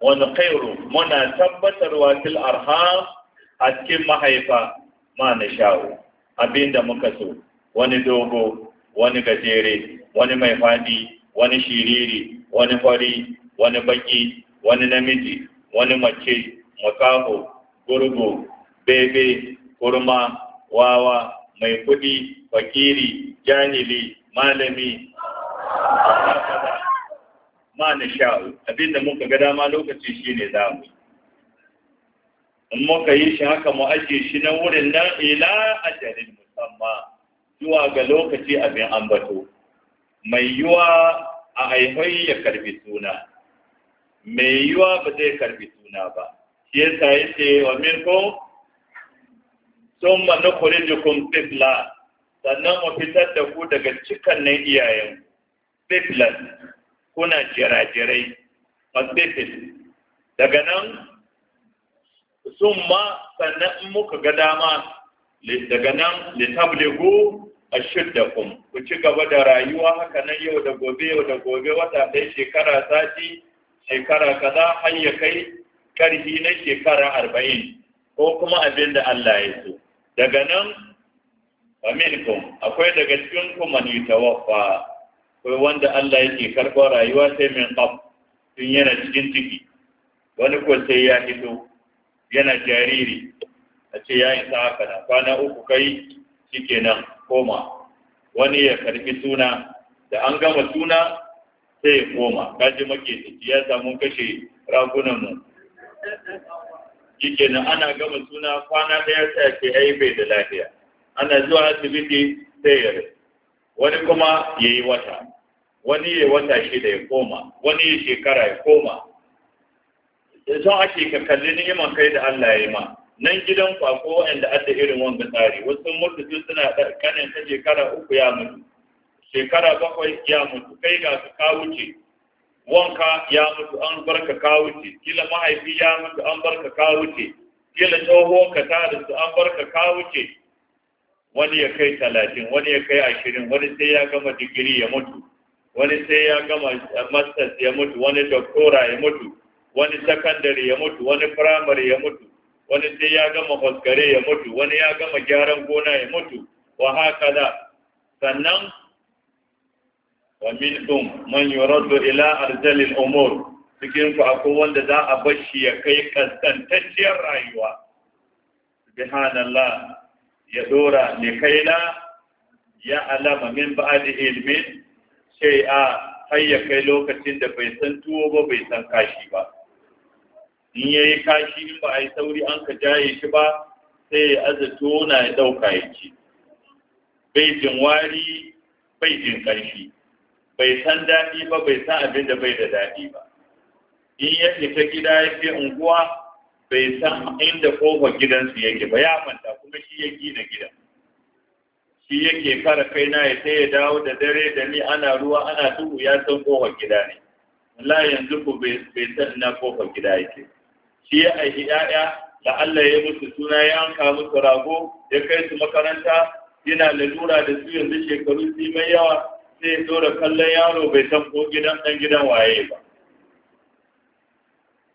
wani khairu muna tabbatarwa fil arham a cikin mahaifa ma na shawo abinda muka so wani dogo wani gajere wani mai faɗi wani shiriri wani fari wani baki wani namiji wani mace makaho gurgu bebe kurma wawa mai kuɗi fakiri janili malami ma na sha'u abinda muka ga dama lokaci shi ne za mu in muka yi shi haka mu ajiye shi na wurin nan ila ajalin musamman zuwa ga lokaci abin ambato mai yiwa a haifai ya karbi suna mai yiwa ba zai karbi suna ba shi yasa yace wa minkum kuri jikun tifla sannan mu fitar da ku daga cikan nan iyayen tiflan kuna jirajirai fasifil daga nan summa sannan muka ga dama daga nan litabligu ashuddakum ku ci gaba da rayuwa haka nan yau da gobe yau da gobe wata ɗaya shekara sati shekara kaza har ya kai karfi na shekara arba'in ko kuma abin da Allah ya so daga nan aminkum akwai daga cikin ku man yutawaffa akwai wanda Allah yake karɓar rayuwa sai min qab tun yana cikin ciki wani ko sai ya hito yana jariri a ce ya isa haka na kwana uku kai shikenan koma wani ya karbi suna da an gama suna sai ya koma kaji make tafi ya samu kashe ragunanmu shikenan ana gama suna kwana ɗaya sai ke ce ai bai da lafiya ana zuwa asibiti sai ya wani kuma ya yi wata wani ya wata shida ya koma wani ya shekara ya koma son ake ka kalli ni'iman kai da Allah ya yi ma nan gidan kwako wa'anda adda irin wanga tsari wasu murtutu suna da kanin ta shekara uku ya mutu shekara bakwai ya mutu kai ga su ka wuce wanka ya mutu an barka ka wuce kila mahaifi ya mutu an barka ka wuce kila tsohon ka ta da su an barka ka wuce wani ya kai talatin wani ya kai ashirin wani sai ya gama digiri ya mutu wani sai ya gama masters ya mutu wani doctora ya mutu wani sakandare ya mutu wani firamare ya mutu wani sai ya gama faskare ya mutu wani ya gama gyaran gona ya mutu wa haka da sannan wa minkum man yuraddu ila al umur cikin ku akwai wanda za a bashi ya kai kasantacciyar rayuwa subhanallah ya dora ne kaina ya alama min ba'di ilmin shay'a har ya kai lokacin da bai san tuwo ba bai san kashi ba in ya yi kashi in ba a yi sauri an ka jaye shi ba sai ya azato na ya ɗauka ya ci bai jin wari bai jin ƙarfi bai san daɗi ba bai san abin da bai da daɗi ba in ya fita gida ya fi unguwa bai san inda kofar gidansu yake ba ya manta kuma shi ya gina gidan shi yake fara kaina ya sai ya dawo da dare da ni ana ruwa ana duhu ya san kofar gida ne wallahi yanzu ku bai san ina kofar gida yake shi ya aiki ‘ya'ya da Allah ya musu suna ya anka musu rago ya kai su makaranta yana lalura da su yanzu shekaru su mai yawa sai ya dora kallon yaro bai san ko gidan ɗan gidan waye ba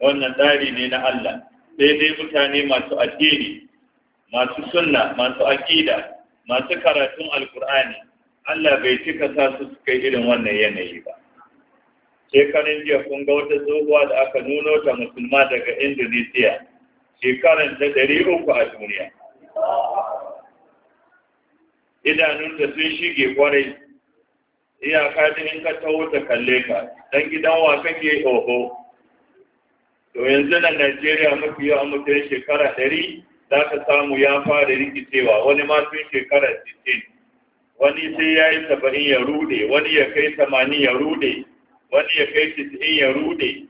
wannan tsari ne na Allah sai dai mutane masu addini masu sunna masu aƙida masu karatun alƙur'ani Allah bai cika sa su suka irin wannan yanayi ba shekarun jiya kun ga wata tsohuwa da aka nuno ta musulma daga indonesia shekaran ta ɗari uku a duniya idanunta sun shige kwarai iyaka ta in ka taho ta kalle ka dan gidan wa kake oho to yanzu na najeriya mafi yawan mutane shekara ɗari za ka samu ya fara rikicewa wani ma sun shekara sittin wani sai ya yi saba'in ya rude wani ya kai samani ya rude wani ya kai in ya rude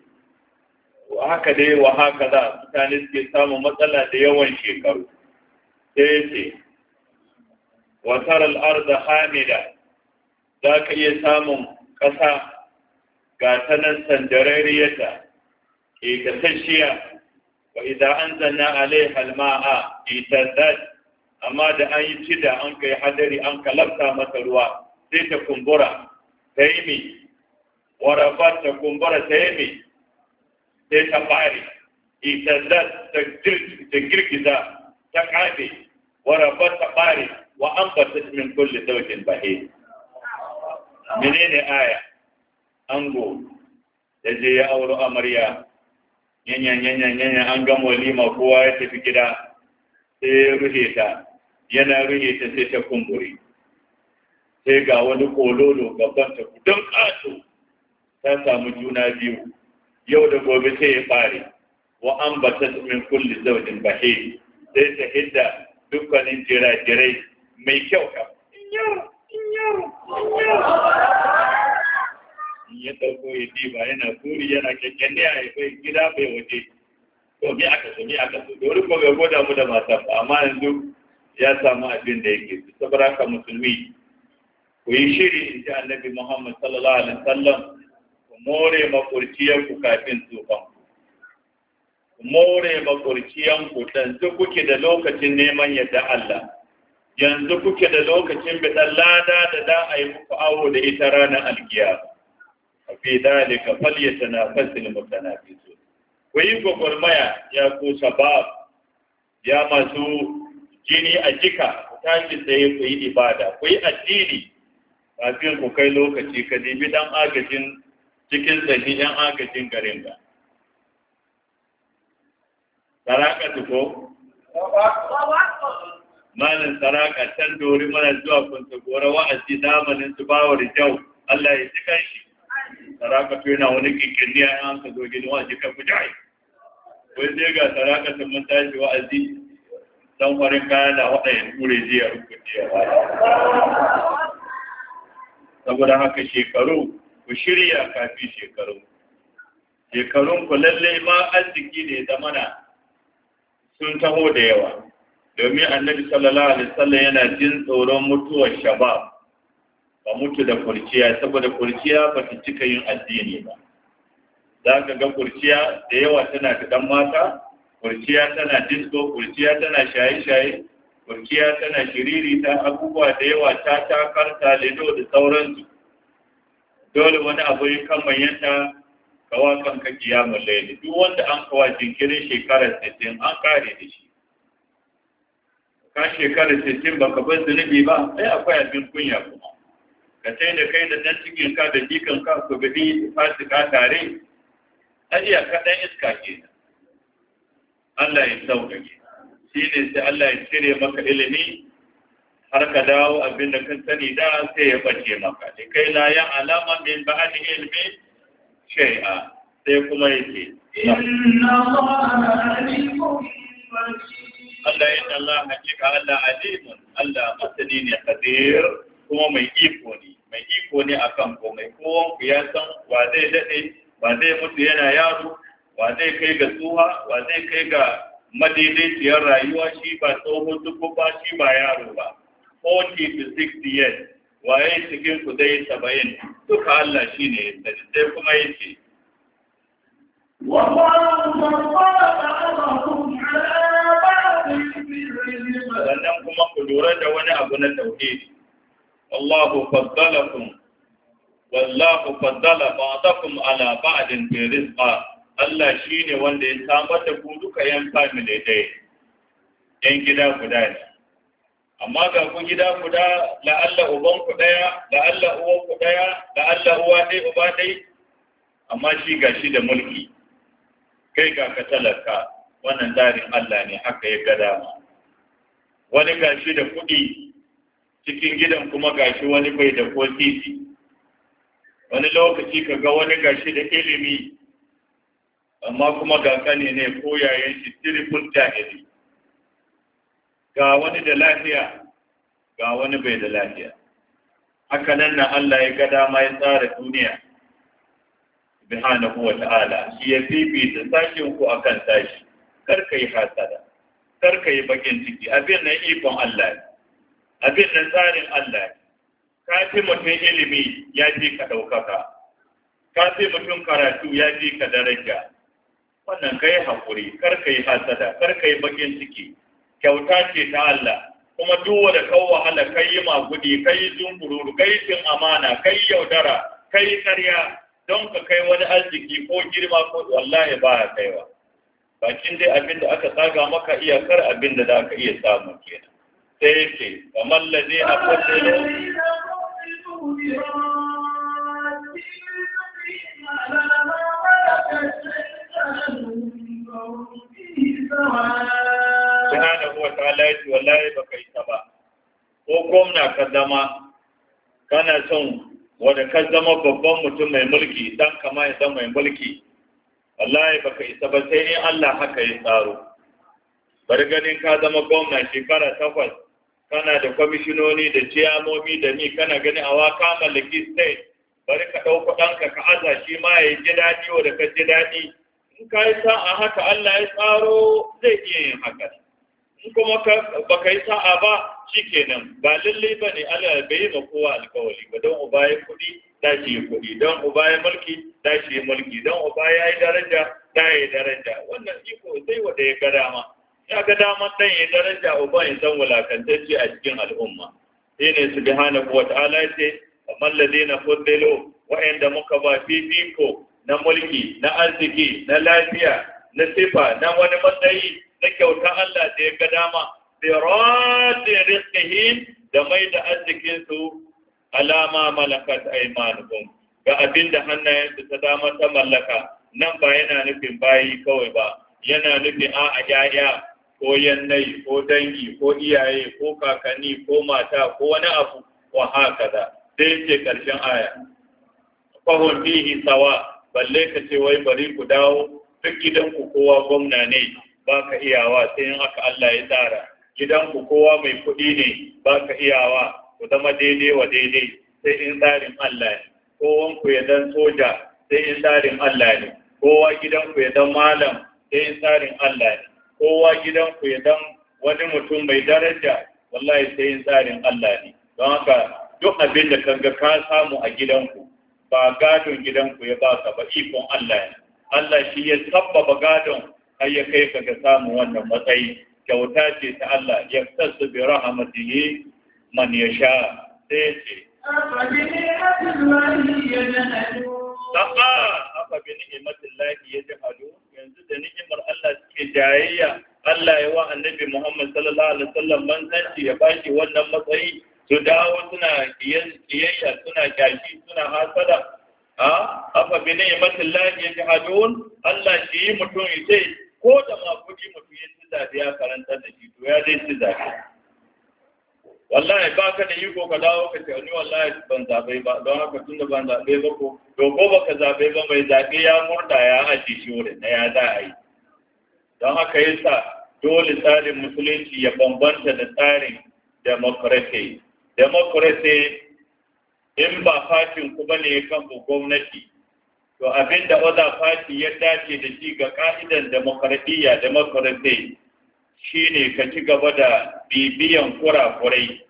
haka dai wa haka za mutane suke samun matsala da yawan shekaru sai ya ce wasarar hamida za ka iya samun ƙasa ga ta sandarariyata ke gasashiya wa idan an zanna alai halma'a itazzat amma da an yi cida an kai hadari an kalabta masa ruwa sai ta kumbura ta yi warafar ta kumbura ta yi sai ta fari ita ta girgiza ta kafe warafar ta wa an ba ta min kulle zaujin bahe menene aya ango da je ya auro amarya yanyan yanyan yanyan an gama walima kowa ya tafi gida sai ya ruhe ta yana ruhe ta sai ta kumbure sai ga wani kololo gaban ta don ƙato ta samu juna biyu yau da gobe sai ya fare wa an ta min kulli zaujin bahe sai ta hidda dukkanin jira-jirai mai kyau ka ya ɗauko ya ba yana turi yana kyakkyan ne a bai gida bai waje to mi aka so mi aka so dori ko bai goda mu da mata ba amma yanzu ya samu abin da yake saboda haka musulmi ku yi shiri in ji annabi muhammad sallallahu alaihi wasallam more makurciyarku kafin tsufan more makurciyanku yanzu kuke da lokacin neman yadda Allah yanzu kuke da lokacin bidan lada da da a yi muku awo da ita ranar algiya a fi dalika falyata na fasil mutanafisu ku yi gwagwarmaya ya ku sabab ya masu jini a jika ku tashi tsaye ku yi ibada ku yi addini kafin ku kai lokaci ka nemi dan agajin cikin sashi yan agajin garin ga saraka tuko malin saraka can dori mana zuwa su gora wa'azi zamanin su bawar jau Allah ya cikan shi saraka to yana wani kikirni a an ka zo gini wa'azi kan kujai wai zai ga saraka sun mun tashi wa'azi dan farin kaya da waɗannan ture jiya rukunci ya saboda haka shekaru ku shirya kafin shekaru. shekarun ku lalle ma arziki ne da mana sun taho da yawa domin annabi sallallahu alaihi wasallam yana jin tsoron mutuwar shabab ba mutu da kurciya saboda kurciya ba ta cika yin addini ba za ka ga kurciya da yawa tana da dan mata kurciya tana disco kurciya tana shaye-shaye kurciya tana shiriri ta abubuwa da yawa ta takarta ta ledo da sauransu dole wani abu ya kan bayyanta kawa kanka kiyamun laili duk wanda an kawa jinkirin shekarar sittin an kare da shi ka shekarar sittin baka bar zunubi ba sai akwai abin kunya kuma ka sai da kai da dan cikin ka da jikan ka ku gadi fasika tare ajiya kaɗan iska ke Allah ya sauƙaƙe shi ne sai Allah ya cire maka ilimi har ka dawo abin da ka sani da sai ya bace maka da kai la ya alama min cikin ilmi shay'a sai kuma ya ce Allah ya Allah hakika Allah alimun Allah masani ne qadir kuma mai iko ne mai iko ne kan komai kowan ku ya san wa zai daɗe wa zai mutu yana yaro wa zai kai ga tsuwa wa zai kai ga madaidaiciyar rayuwa shi ba tsohon duk ba shi ba yaro ba 40 to 60 years waye cikin ku dai 70 duka Allah shine ya sani sai kuma yake sannan kuma ku lura da wani abu na tauhidi Allahu faddalakum wallahu faddala ba'dakum alaba a fi ba. Allah shi ne wanda ya samar da ku duka yan family dai yan gida guda ne amma ga ku gida guda la'alla uban ku daya la'alla uwan ku daya la'alla uwa dai uba dai amma shi ga shi da mulki kai ga ka talaka wannan darin Allah ne haka ya ga dama wani ga shi da kuɗi cikin gidan kuma ga shi wani bai da ko titi wani lokaci ka ga wani ga shi da ilimi amma kuma ga kane ne ko yayan shi triple jahili ga wani da lafiya ga wani bai da lafiya haka nan na Allah ya ga dama ya tsara duniya subhanahu wa ta'ala shi ya fifita sashin ku akan sashi kar ka yi hasada kar ka yi bakin ciki abin nan ikon Allah ne abin nan tsarin Allah ne ka fi mutum ilimi ya fi ka ɗaukaka ka fi mutum karatu ya fi ka daraja wannan ka yi haƙuri kar ka yi hasada kar ka yi bakin ciki kyauta ce ta Allah kuma duk wanda kawo wahala kai yi magudi kai zumburu kai cin amana kai yaudara kai karya don ka kai wani arziki ko girma ko wallahi ba a kaiwa bakin dai abin da aka saga maka iyakar abin da za ka iya samu kenan sai ce kamar lalle a kwatanni Thank you. subhanahu wa ta'ala ya wallahi baka isa ba ko gwamna ka zama kana son wanda ka zama babban mutum mai mulki dan kama ya zama mai mulki wallahi baka isa ba sai in Allah haka ya tsaro bari ganin ka zama gwamna shekara takwas kana da kwamishinoni da ciyamomi da ni kana gani a waka mallaki state bari ka ɗau kuɗanka ka aza shi ma ya ji daɗi wa ka ji daɗi in ka yi sa'a haka Allah ya tsaro zai iya yin haka in kuma ba ka yi sa'a ba shi kenan ba lalle ba ne Allah bai yi ma kowa alkawali ba don uba ya kuɗi da shi kuɗi don uba ya mulki da shi mulki don uba ya yi daraja da ya yi daraja wannan iko sai wanda ya ga dama ya ga dama dan ya daraja uba ya san wulakantacce a cikin al'umma shi ne wata wata'ala ce kamar na fuddilu wa'anda muka ba fifiko na mulki na arziki na lafiya na sifa na wani matsayi na kyauta Allah da ya ga dama bi radi da mai da arzikin su alama malakat aymanuhum ga abinda hannayen su ta dama ta mallaka nan ba yana nufin bayi kawai ba yana nufin a a yaya ko yannai ko dangi ko iyaye ko kakanni ko mata ko wani abu wa da sai ce karshen aya fahun fihi sawa balle ka ce wai bari ku dawo duk gidan ku kowa gwamna ne ba ka iyawa sai in haka Allah ya tsara gidanku kowa mai kuɗi ne ba ka iyawa ku zama daidai wa daidai sai in tsarin Allah ne kowanku ya dan soja sai in tsarin Allah ne kowa gidanku ya dan malam sai in tsarin Allah ne kowa gidanku ya dan wani mutum mai daraja wallahi sai in tsarin Allah ne don haka duk abin da kanga ka samu a gidanku ba gadon gidanku ya baka ba ikon Allah ne Allah shi ya sabba gadon har ya kai ka ga samun wannan matsayi kyauta ce ta Allah ya tasu bi rahmatihi man yasha sai ce Saka haka bi ni'imatin lahi ya ji halu yanzu da ni'imar Allah suke jayayya Allah ya wa annabi Muhammad sallallahu alaihi wasallam manzanci ya bashi wannan matsayi su dawo suna kiyayya suna kyashi suna hasada a ah, afa bi ni'matin lahi yajhadun Allah shi mutum ya ce. ko da makudi mutum ya ci zaɓe ya karanta da shi to ya dai ci zaɓe wallahi ba ka da iko ka dawo ka ce ni wallahi ban zaɓe ba don haka tun da ban zaɓe ba ko to ko baka ka zaɓe ba mai zaɓe ya murda ya ajiye shi wurin na ya za a don haka ya sa dole tsarin musulunci ya bambanta da tsarin demokrasi demokrasi in ba fatin ku bane kan gwamnati to abin da other fati ya dace da shi ga ka'idan demokradiyya shi shine ka ci gaba da bibiyan kurakurai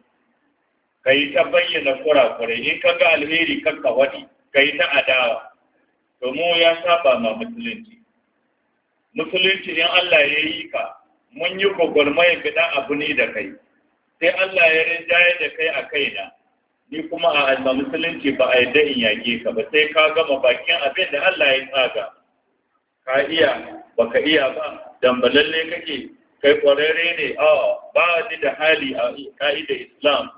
ka yi ta bayyana kurakurai in ka ga alheri kan ka waɗi ka yi ta adawa to mu ya saba ma musulunci musulunci in Allah ya yi ka mun yi gwagwarmayar gida abu ne da kai sai Allah ya rinjaye da kai a kaina ni kuma a alba musulunci ba a yadda in yage ka ba sai ka gama bakin abin da Allah ya tsaga ka iya ba ka iya ba dambalalle kake kai kwararre ne a ba ni da hali a ka'idar islam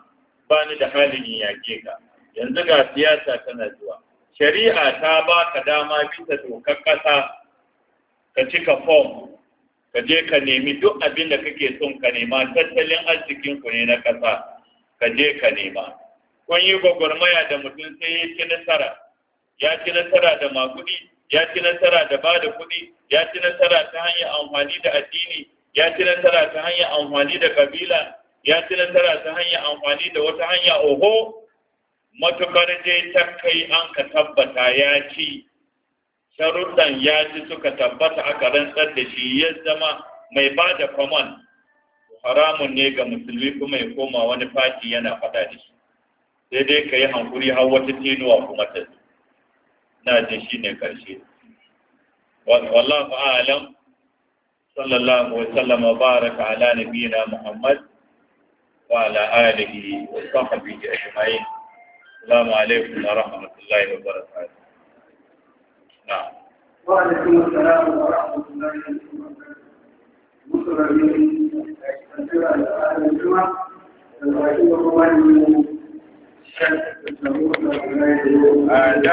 ba ni da hali in yage ka yanzu ga siyasa tana zuwa shari'a ta ba ka dama bisa dokar kasa, ka cika fom ka je ka nemi duk abin da kake son ka nema tattalin arzikin ku ne na kasa, ka je ka nema kun yi gwagwarmaya da mutum sai ya ci nasara ya ci nasara da makudi ya ci nasara da ba da kuɗi ya ci nasara ta hanyar amfani da addini ya ci nasara ta hanyar amfani da kabila ya ci nasara ta hanyar amfani da wata hanya oho matukar dai ta kai an ka tabbata ya ci sharuɗan ya ci suka tabbata aka rantsar da shi ya zama mai ba da kwaman haramun ne ga musulmi kuma ya koma wani fati yana faɗa da shi sai dai ka yi hankuri har wata tinuwa kuma ta na jin shi ne ƙarshe wallahu alam sallallahu alaihi sallama baraka ala nabiyina muhammad wa ala alihi wa sahbihi ajma'in assalamu alaikum wa rahmatullahi wa barakatuh na'am wa alaikum assalam wa rahmatullahi wa barakatuh musulmi da kira da alim kuma da kuma and uh,